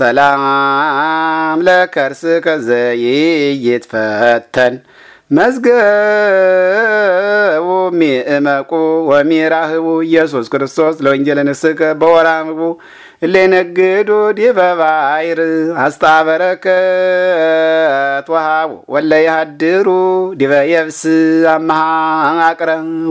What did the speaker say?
ሰላም ለከርስከ ዘይይትፈተን መዝገቡ ሚእመቁ ወሚራህቡ ኢየሱስ ክርስቶስ ለወንጀል ንስከ በወራምቡ ነግዱ ዲበ ባሕር አስታ በረከት ወሃቡ ወለየሃድሩ ዲበ የብስ አመሃ አቅረቡ